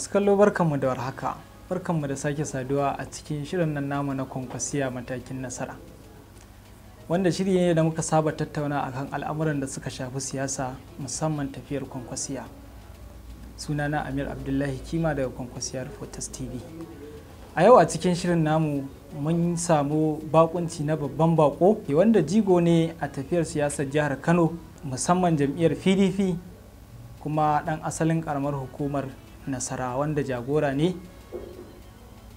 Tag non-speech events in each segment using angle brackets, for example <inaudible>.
masu kallo barkanmu da warhaka barkanmu da sake saduwa a cikin shirin nan namu na kwankwasiya matakin nasara wanda shiri ne da muka saba tattauna akan al'amuran da suka shafi siyasa musamman tafiyar kwankwasiya sunana amir abdullahi kima daga kwankwasiyar Fotos tv a yau a cikin shirin namu mun samu bakunci na babban bako wanda jigo ne a tafiyar siyasar jihar kano musamman jam'iyyar pdp kuma ɗan asalin karamar hukumar nasara wanda jagora ne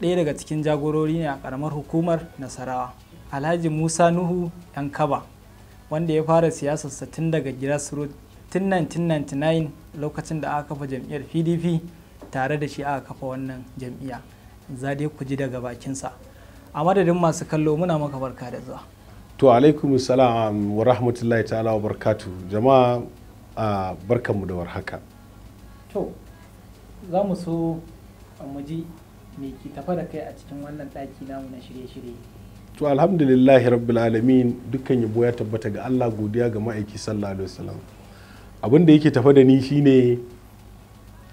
ɗaya daga cikin jagorori ne a ƙaramar hukumar nasarawa alhaji musa nuhu yan kaba wanda ya fara siyasarsa tun daga grassroot tun 1999 lokacin da aka kafa jam'iyyar pdp tare da shi aka kafa wannan jam'iyya za dai ku ji daga bakinsa a madadin masu kallo muna maka barka da zuwa to alaikum salam wa rahmatullahi ta'ala wa barkatu jama'a barkanmu da warhaka to za mu so mu ji me ke tafa da kai a cikin wannan ɗaki namu na shirye-shirye to alhamdulillahi rabbil alamin dukkan yabo ya tabbata ga Allah godiya ga ma'aiki sallallahu alaihi wasallam abin da yake tafa da ni shine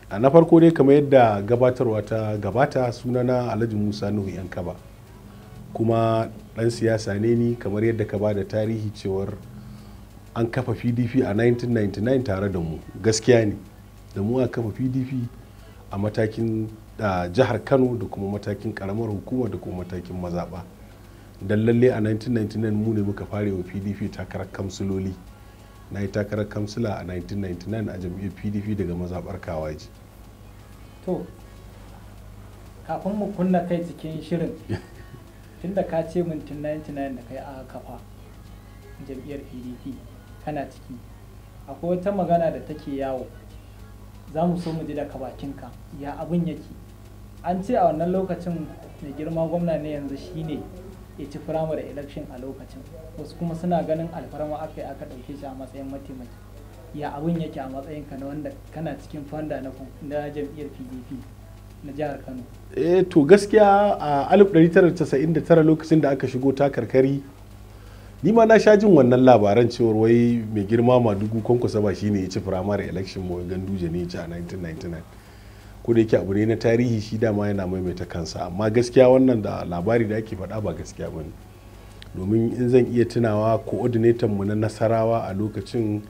a na farko dai kamar yadda gabatarwa ta gabata sunana Alhaji Musa Nuhu Yankaba kuma dan siyasa ne ni kamar yadda ka ba da tarihi cewar an kafa PDP a 1999 tare da mu gaskiya ne da mu a kafa PDP a matakin jihar kano da kuma matakin karamar hukuma da kuma matakin mazaɓa don lalle a 1999 mu ne muka fare wa pdp takarar kamsiloli na yi takarar kamsila a 1999 a jam'iyyar pdp daga mazabar kawaji to kafin mu kunna kai cikin shirin <laughs> tunda ka ce mun tun 99 da kai a kafa jam'iyyar pdp kana ciki akwai wata magana da take yawo za mu so mu ji daga bakinka ya abin yake an ce a wannan lokacin mai girma gwamna ne yanzu shine ya ci firamare election a lokacin wasu kuma suna ganin alfarma aka yi aka ɗauke shi a matsayin mataimaki ya abin yake a matsayin ka na wanda kana cikin fanda na jam'iyyar pdp na jihar kano eh to gaskiya a 1999 lokacin da aka shigo takarkari ni ma na sha jin wannan labaran cewar wai mai girma madugu kwankwasa ba shine ya ci firamare election mu duje ne ya a 1999 ko da yake abu ne na tarihi shi dama yana maimaita kansa amma gaskiya wannan da labari da ake faɗa ba gaskiya ba bane domin in zan iya tunawa coordinator mu na nasarawa a lokacin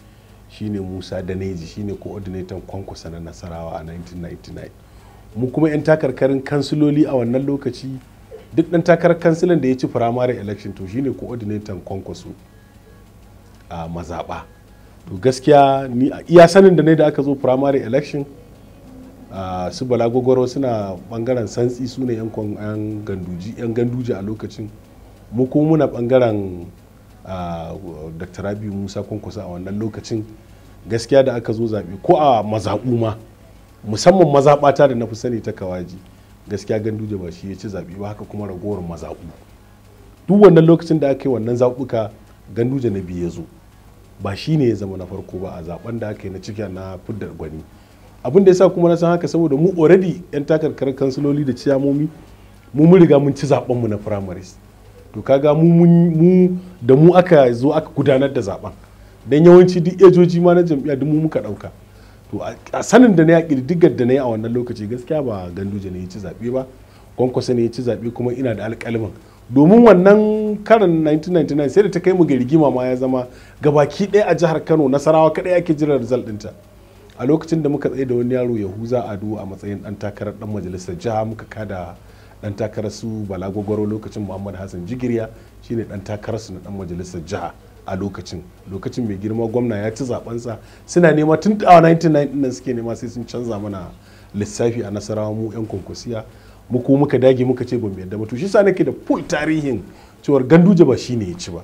shine Musa Daneji shine coordinator kwankwasa na nasarawa a 1999 mu kuma 'yan takarkarin kansiloli a wannan lokaci duk ɗan takarar kansilan da ya ci firamare election to shine coordinator kwankwaso a mazaɓa to gaskiya ni iya sanin da ne da aka zo firamare election su balagogoro suna bangaren santsi su ne yan ganduji yan ganduji a lokacin mu ko muna bangaren dr rabi musa Kwankwaso a wannan lokacin gaskiya da aka zo zaɓe ko a mazaɓu ma musamman mazaɓata da na fi sani ta kawaji gaskiya ganduje ba shi ya ci zaɓi ba haka kuma ragowar mazaɓu duk wannan lokacin da aka yi wannan zaɓuka ganduje na biyu ya zo ba shi ne ya zama na farko ba a zaɓen da aka yi na cikin na fidda gwani abin da ya sa kuma na san haka saboda mu already 'yan takarkar kansiloli da ciyamomi mu mun riga mun ci mu na primaries to kaga mu mu da mu aka zo aka gudanar da zaɓen dan yawanci duk ejoji ma na jam'iyya duk mu muka ɗauka to a sanin da na ya ƙididdigar da na yi a wannan lokaci gaskiya ba ganduje ne ya ci zaɓe ba kwankwasa ne ya ci zaɓe kuma ina da alƙalmin domin wannan karin 1999 sai da ta kai mu ga ma ya zama gabaki ɗaya a jihar kano nasarawa kaɗai ake jiran result ɗinta a lokacin da muka tsaye da wani yaro yahuza ado a matsayin ɗan takarar dan majalisar jiha muka kada ɗan takarar su gwagwaro lokacin muhammad hassan jigiriya shine ɗan takarar su na ɗan majalisar jiha a lokacin lokacin mai girma gwamna ya ci zabensa suna nema tun a 1990 nan suke nema sai sun canza mana lissafi a nasarawa mu yan kwankwasiya mu ko muka dage muka ce ban yadda ba to shi sa nake da full tarihin cewar ganduje ba shine ya ci ba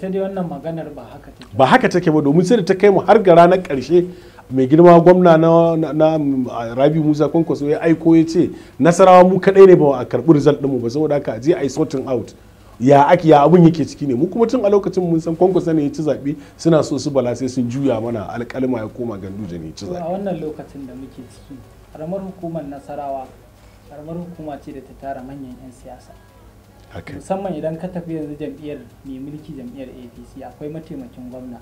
ta dai wannan maganar ba haka take ba haka take ba domin sai da ta kai mu har ga ranar karshe mai girma gwamna na, rabi musa kwankwaso ya aiko ya ce nasarawa mu kadai ne ba a karbi result ɗinmu ba saboda haka a je a yi sorting out ya ake ya abun yake ciki ne mu kuma tun a lokacin mun san kwankwasa ne ya ci zaɓe suna so su bala sai sun juya mana alƙalma ya koma ganduje ne ya ci zaɓe. a wannan lokacin da muke ciki ƙaramar hukumar nasarawa ƙaramar hukuma ce da ta tara manyan 'yan siyasa musamman idan ka tafi yanzu jam'iyyar mai mulki jam'iyyar apc akwai mataimakin gwamna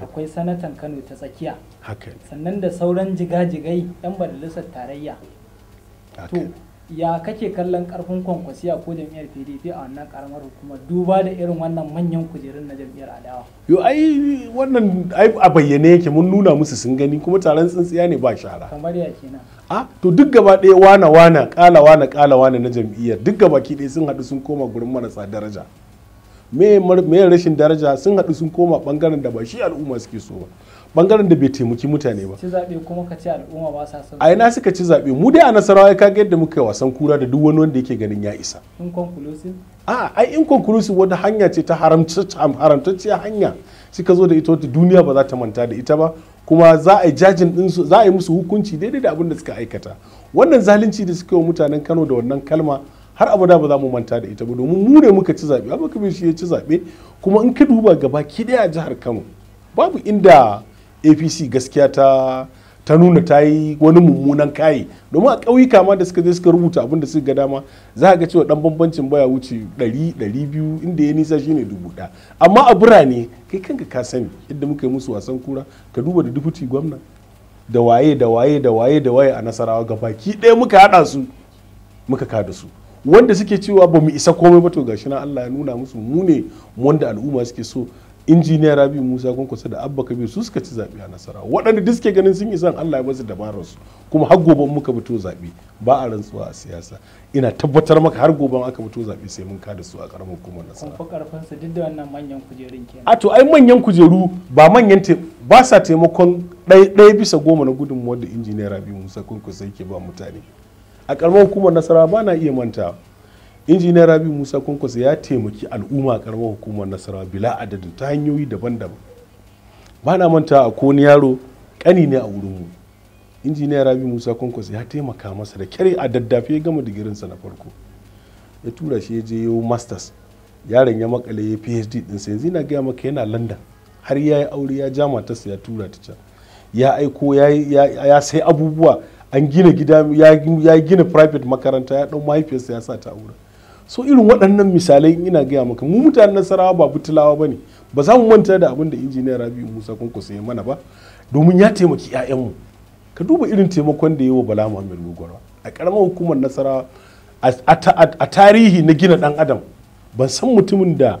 akwai sanatan kano ta tsakiya sannan da sauran jiga-jigai 'yan majalisar tarayya to ya kake kallon karfin kwankwasiya ko jam'iyyar pdp a wannan karamar hukumar duba da irin wannan manyan kujerun na jam'iyyar adawa yo ai wannan ai a bayyane yake mun nuna musu sun gani kuma taron tsintsiya ne ba shara kamar ya kenan a to duk gaba ɗaya wana wana kala wana kala wana na jam'iyyar duk gaba ki ɗaya sun haɗu sun koma gurin marasa daraja me rashin daraja sun haɗu sun koma bangaren da ba shi al'umma suke so ba bangaren da bai taimaki mutane ba. Ci zaɓe kuma ka ci al'umma ba sa son. A yana suka ci zaɓe mu dai a Nasarawa ya kage yadda muka yi wasan kura da duk wani wanda yake ganin ya isa. Inconclusive? A ai inconclusive wata hanya ce ta haramtacciya hanya suka zo da ita wata duniya ba za ta manta da ita ba kuma za a yi jajin ɗinsu za a yi musu hukunci daidai da abin da suka aikata. Wannan zalunci da suka yi wa mutanen Kano da wannan kalma har abada ba za mu manta da ita ba domin mu ne muka ci zaɓe abubakar shi ya ci zaɓe kuma in ka duba gaba ki a jihar Kano babu inda apc gaskiya ta ta nuna ta yi wani mummunan kayi domin a ƙauyuka ma da suka je suka rubuta abin da suka ga dama za a ga cewa dan bambancin baya wuce 100 200 inda ya nisa shine dubu ɗaya amma a birane kai kanka ka sani yadda muka yi musu wasan kura ka duba da dubuti gwamna da waye da waye da waye da waye a nasarawa ga baki ɗaya muka haɗa su muka kada su wanda suke cewa ba mu isa komai ba to gashi na Allah ya nuna musu mu ne wanda al'umma suke so injiniya rabi musa kunkusa da abba kabir su suka ci zaɓe a nasara waɗanda diske suke ganin sun isa allah ya basu dabarar su kuma har goban muka fito zaɓe ba a rantsuwa a siyasa ina tabbatar maka har goban aka fito zaɓe sai mun kada su a ƙaramin hukumar nasara kuma su duk da wannan manyan kujerun kenan a to ai manyan kujeru ba manyan te ba sa taimakon ɗaya bisa goma na gudunmuwar da injiniya rabi musa kunkusa yake ba mutane a ƙaramin hukumar nasara ba na iya mantawa injiniyar rabi musa kwankwasa ya taimaki al'umma karamar hukumar nasarawa bila adadin ta hanyoyi daban-daban ba na manta a koni yaro kani ne a wurin mu. injiniyar rabi musa kwankwasa ya taimaka masa da kyare a daddafe ya gama digirinsa na farko ya tura shi ya je yi masters yaron ya makale ya phd din sai yanzu gaya maka yana london har ya yi aure ya ja matarsa ya tura ta can ya aiko ya sai abubuwa an gina gida ya gina private makaranta ya dan mahaifiyarsa ya sa ta aure so irin waɗannan misalai ina gaya maka mu mutanen nasarawa ba butulawa ba ne ba za mu manta da abin da injiniya rabi'u musa kwankwaso ya mana ba domin ya taimaki 'ya'yanmu ka duba irin taimakon da ya wa bala muhammad gogoro a ƙaramar hukumar nasarawa a tarihi na gina ɗan adam ban san mutumin da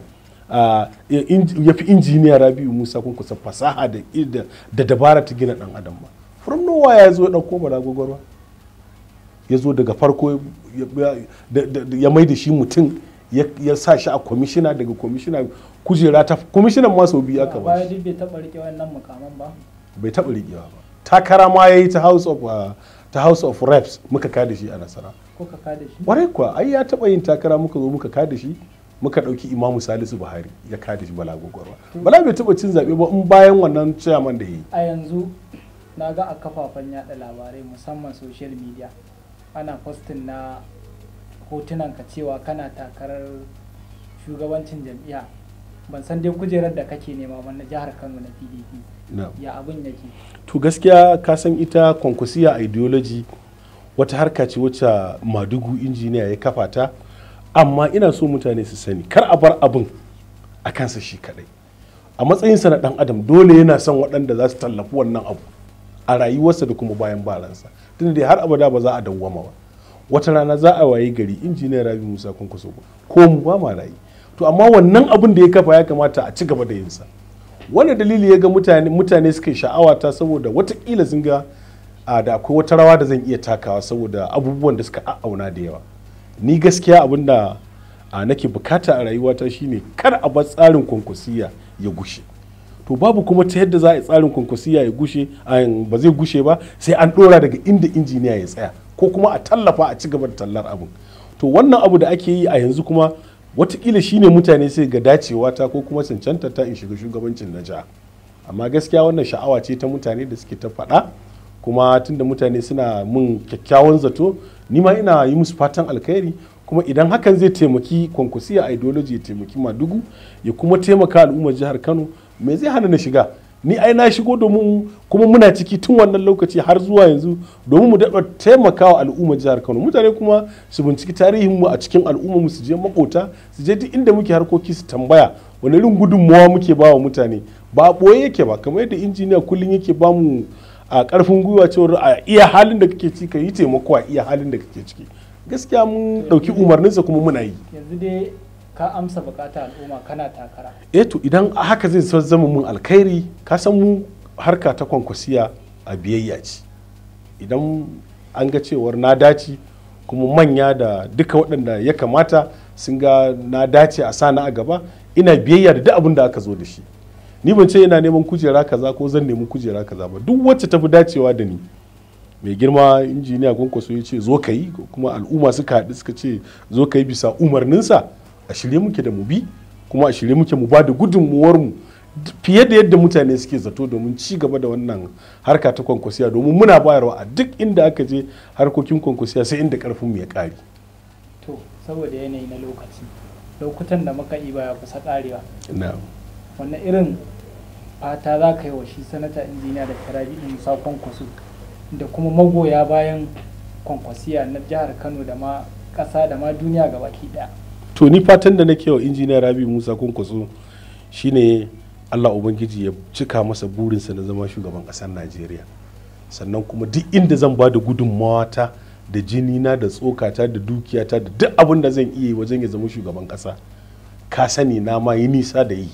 ya fi injiniya rabi'u musa kusa fasaha da dabara ta gina ɗan adam ba from nowhere ya zo ya ɗauko bala gwagwarwa ya zo daga farko ya mai da shi mutum ya sa shi a kwamishina daga kwamishina kujera ta kwamishinan masu biyu aka ba shi bai taba rike wannan mukaman ba bai taba rikewa ba takara ma yayi ta house of uh, ta house of reps muka kada shi a nasara ko ka kada shi warai kuwa ai ya taba yin takara muka zo muka kada shi muka dauki imamu salisu buhari ya kada shi bala gogorwa bala bai taba cin zabe ba in bayan wannan chairman da yi a yanzu na ga a kafafen yada labarai musamman social media ana fostin na hotunan ka cewa kana takarar shugabancin jam'iyya ban san dai kujerar da kake nema ba na jihar kano na pdp ya abin yake to gaskiya ka san ita kwankwasiya ideology wata harka ce wacce madugu injiniya ya kafa ta amma ina so mutane su sani kar a bar abin a kansa shi kadai a matsayinsa na dan adam dole yana son waɗanda za su tallafi wannan abu a rayuwarsa da kuma bayan baransa tun da har abada ba za a dawwama ba wata rana za a waye gari injiniyar rabi musa kwankwaso ko mu ba ma rayu to amma wannan abin da ya kafa ya kamata a ci gaba da yin sa wani dalili ya ga mutane mutane suke sha'awa ta saboda watakila sun ga da akwai wata rawa da zan iya takawa saboda abubuwan da suka auna da yawa ni gaskiya abin da nake bukata a rayuwata shine kar a bar tsarin kwankwasiya ya gushe to babu kuma ta yadda za a yi tsarin kwankwasiya ya gushe ba zai gushe ba sai an dora daga inda injiniya ya tsaya ko kuma a tallafa a ci gaba da tallar abin to wannan abu da ake yi a yanzu kuma watakila shine mutane sai ga dacewa ta ko kuma cancanta ta in shiga shugabancin na jiha amma gaskiya wannan sha'awa ce ta mutane da suke ta faɗa kuma tunda mutane suna mun kyakkyawan zato ni ma ina yi musu fatan alkhairi kuma idan hakan zai taimaki kwankwasiya ideology ya taimaki madugu ya kuma taimaka al'ummar jihar kano me zai hana na shiga ni ai na shigo domin kuma muna ciki tun wannan lokaci har zuwa yanzu domin mu daɗa taimakawa al'ummar jihar kano mutane kuma su binciki tarihin mu a cikin al'ummar mu su je makota su je duk inda muke harkoki su tambaya wani irin gudunmawa muke ba wa mutane ba a ɓoye yake ba kamar yadda injiniya kullum yake ba mu a ƙarfin gwiwa cewar a iya halin da kake ciki ka yi taimako a iya halin da kake ciki gaskiya mun ɗauki umarninsa kuma muna yi yanzu dai ka amsa bukata al'umma kana takara eh to idan haka zai zama mun alkhairi ka san mu harka ta kwankwasiya a biyayya ce idan an ga cewar na dace kuma manya da duka waɗanda ya kamata sun ga na dace a sana a gaba ina biyayya da duk abin da aka zo da shi ni ban ce ina neman kujera kaza ko zan nemi kujera kaza ba duk wacce fi dacewa da ni mai girma injiniya kwankwaso ya ce zo ka yi kuma al'umma suka haɗu suka ce zo ka yi bisa umarninsa a shirye muke da mu bi kuma a shirye muke mu ba da gudunmuwar mu fiye da yadda mutane suke zato domin ci gaba da wannan harka ta kwankwasiya domin muna bayarwa a duk inda aka je harkokin kwankwasiya sai inda karfin mu ya kare to saboda yanayi na lokaci lokutan da muka yi baya kusa karewa wannan irin fata za ka yi wa shi sanata injiniya da karabi musa kwankwaso da kuma magoya bayan kwankwasiya na jihar kano da ma ƙasa da ma duniya gabaki ɗaya to ni fatan da nake wa injiniya rabi musa kunkusu shine allah ubangiji ya cika masa burinsa na zama shugaban ƙasar najeriya sannan kuma duk inda zan ba da gudunmawata da jinina da tsokata da dukiyata da duk abin da zan iya wajen ya zama shugaban ƙasa ka sani na ma yi nisa da yi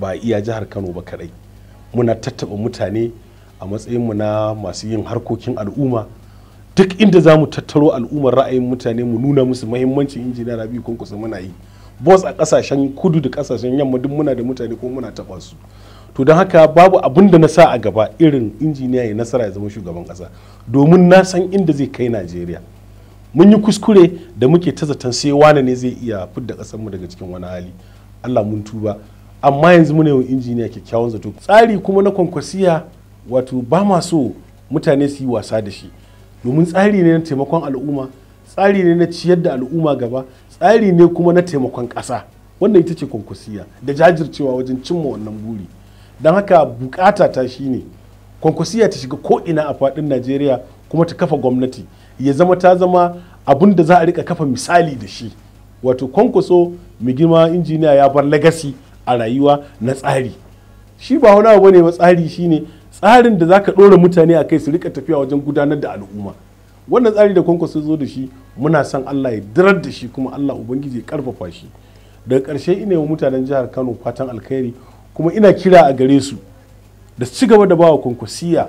ba a iya jihar kano ba kadai muna tattaba mutane a matsayinmu na masu yin harkokin al'umma duk inda za mu tattaro al'ummar ra'ayin mutane mu nuna musu mahimmancin injiniya rabi kusa muna yi bos a kasashen kudu da kasashen yamma duk muna da mutane ko muna taba su to don haka babu abin da na sa a gaba irin injiniya ya nasara ya zama shugaban ƙasa domin na san inda zai kai najeriya mun yi kuskure da muke ta zaton sai wane ne zai iya fidda kasar mu daga cikin wani hali allah mun tuba amma yanzu muna yawan injiniya kyakkyawan zato tsari kuma na kwankwasiya wato ba ma so mutane su yi wasa da shi domin tsari ne na taimakon al'umma tsari ne na ciyar da al'umma gaba tsari ne kuma na taimakon ƙasa wannan ita ce kwankwasiya da jajircewa wajen cimma wannan buri don haka bukata ta shi ne kwankwasiya ta shiga ko'ina a faɗin najeriya kuma ta kafa gwamnati ya zama ta zama abin da za a rika kafa misali da shi wato kwankwaso mai girma injiniya ya bar lagasi a rayuwa na tsari shi ba wani abu ne ba tsari shine tsarin da zaka ɗora mutane a kai su rika tafiya wajen gudanar da al'umma wannan tsari da kwankwaso zo da shi muna son Allah ya dirar da shi kuma Allah ubangiji ya karfafa shi daga karshe ina yi mutanen jihar Kano fatan alkhairi kuma ina kira a gare su da su ci gaba da bawa kwankwasiya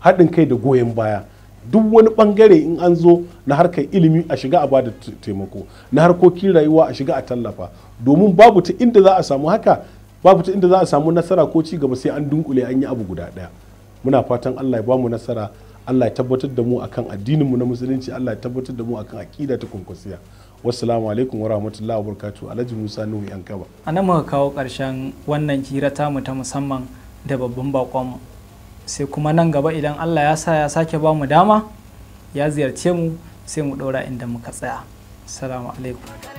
haɗin kai da goyon baya duk wani bangare in an zo na harkar ilimi a shiga a ba da taimako na harkokin rayuwa a shiga a tallafa domin babu ta inda za a samu haka babu ta inda za a samu nasara ko ci gaba sai an dunkule an yi abu guda daya muna fatan Allah ya ba mu nasara Allah ya tabbatar da mu akan addinin mu na musulunci Allah ya tabbatar da mu akan aƙida ta kunkusiya wassalamu alaikum wa rahmatullahi wa barakatuh alhaji musa nuhu yan kaba a nan muka kawo karshen wannan hira mu ta musamman da babban bakonmu sai kuma nan gaba idan Allah ya sa ya sake ba mu dama ya ziyarce mu sai mu ɗora inda muka tsaya assalamu alaikum